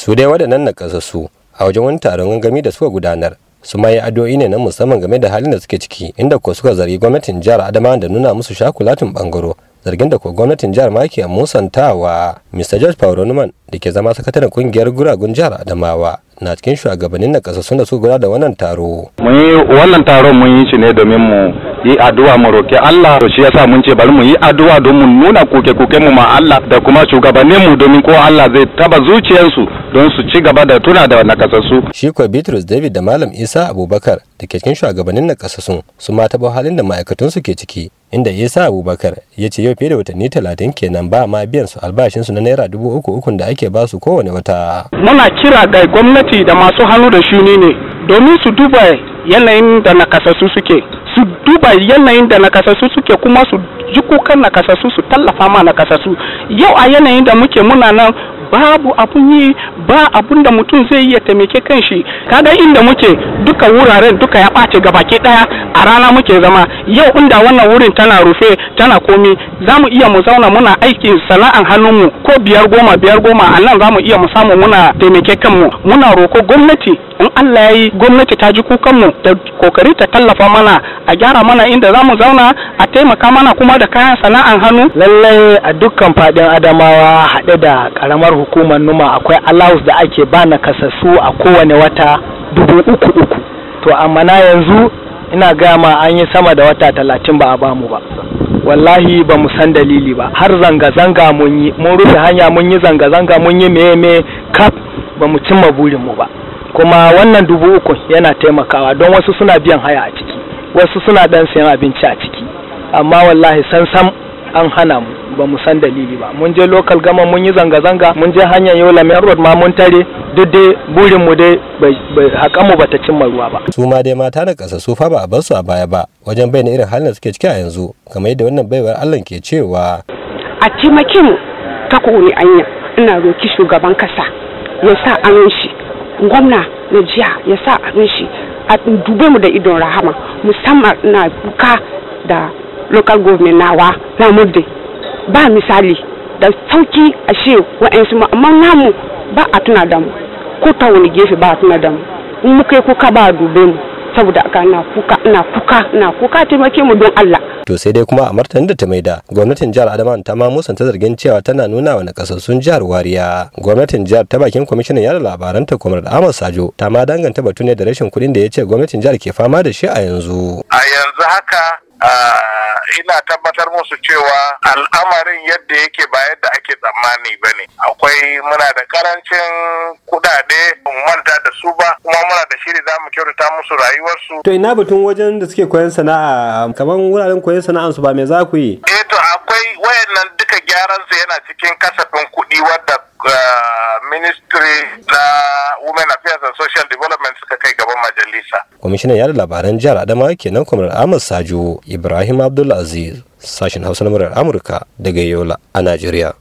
su dai waɗannan nakasassu a wajen wani taron gangami da suka gudanar su ma yi addu'o'i ne na musamman game da halin da suke ciki inda ko suka zargi gwamnatin jihar adama da nuna musu shakulatin bangaro zargin da ko gwamnatin jihar ma ke musantawa mr george paul da ke zama sakataren kungiyar guragun jihar adamawa na cikin shugabannin na ƙasa da suka gura da wannan taro. Mun yi wannan taron mun yi shi ne domin mu yi addu'a mu roƙi Allah to shi yasa mun ce bari mu yi addu'a don mu nuna koke koke mu ma Allah da kuma shugabannin mu domin ko Allah zai taba zuciyarsu don su ci gaba da tuna da na su. Shi ko Bitrus David da Malam Isa Abubakar da ke cikin shugabannin na ƙasasun su ma taɓa halin da su ke ciki inda sa abubakar ya ce yau fiye da watanni talatin kenan ba ma biyan su albashinsu na naira dubu uku ukun da ake su kowane wata muna kira ga gwamnati da masu hannu da shuni ne domin su duba yanayin da nakasassu suke su duba yanayin da nakasassu suke kuma su ji kukan nakasassu su tallafa ma nakasassu yau a yanayin da muke muna nan babu abun yi ba abun da mutum zai iya taimake kanshi kaga inda muke duka wuraren duka ya ɓace gabaki ɗaya a rana muke zama yau inda wannan wurin tana rufe tana komi za mu iya mu zauna muna aikin sana'an hannunmu ko biyar goma biyar goma a nan za mu iya mu samu muna taimake kanmu muna roko gwamnati in Allah ya yi gwamnati ta ji kukanmu da kokari ta tallafa mana a gyara mana inda za mu zauna a taimaka mana kuma da kayan sana'an hannu lallai a dukkan fadin adamawa haɗe da karamar hukumar numa akwai allowance da ake ba na kasassu a kowane wata dubu uku uku to amma na yanzu ina gama an yi sama da wata talatin ba a bamu ba wallahi ba mu san dalili ba har zanga-zanga mun yi mun rufe hanya mun yi zanga-zanga mun yi me kaf ba mu cimma mu ba kuma wannan dubu uku yana taimakawa don wasu suna biyan haya a ciki wasu suna dan sayan abinci a ciki amma wallahi san an hana mu ba mu san dalili ba mun je local gama mun yi zanga-zanga mun je hanyar la main road ma mun tare duk dai burin mu dai haƙa mu bata cimma ruwa ba su ma dai mata na ƙasa su fa ba a bar su a baya ba wajen bayyana irin halin da suke ciki a yanzu kamar yadda wannan baiwar Allah ke cewa a taimake mu ta kowane anya ina roki shugaban kasa ya sa yi shi gwamna na jiya ya sa a shi a dube mu da idon rahama musamman na kuka da local government nawa mudde ba misali da sauki a shi wa'yansu amma namu ba a tuna da mu ko ta wani gefe ba a tuna da mu in muka yi kuka ba a dube mu saboda aka na kuka na kuka na kuka taimake mu don Allah to sai dai kuma a martani da ta maida gwamnatin jihar Adamawa ta ma musanta zargin cewa tana nuna wa nakasassun jihar wariya gwamnatin jihar ta bakin kwamishinan yada labaran ta Comrade Ahmad Sajo ta ma danganta batu ne da rashin kuɗin da ya ce gwamnatin jihar ke fama da shi a yanzu a yanzu haka Ah, ina tabbatar musu cewa al'amarin yadda yake ba yadda ake tsammani ba ne akwai muna da karancin kudade manta da su ba kuma muna da shiri za mu kyautata musu rayuwarsu to ina batun wajen da suke koyan sana'a kaman wuraren koyan sana'ansu ba me za ku yi eh to akwai wayannan duka gyaran su yana cikin kasafin kuɗi wadda ah, ministry na women affairs and social development suka kai gaban majalisa kwamishinan yada labaran jihar adama kenan kwamar ahmad sajo ibrahim abdulaziz sashen hausa na murar amurka daga yola a najeriya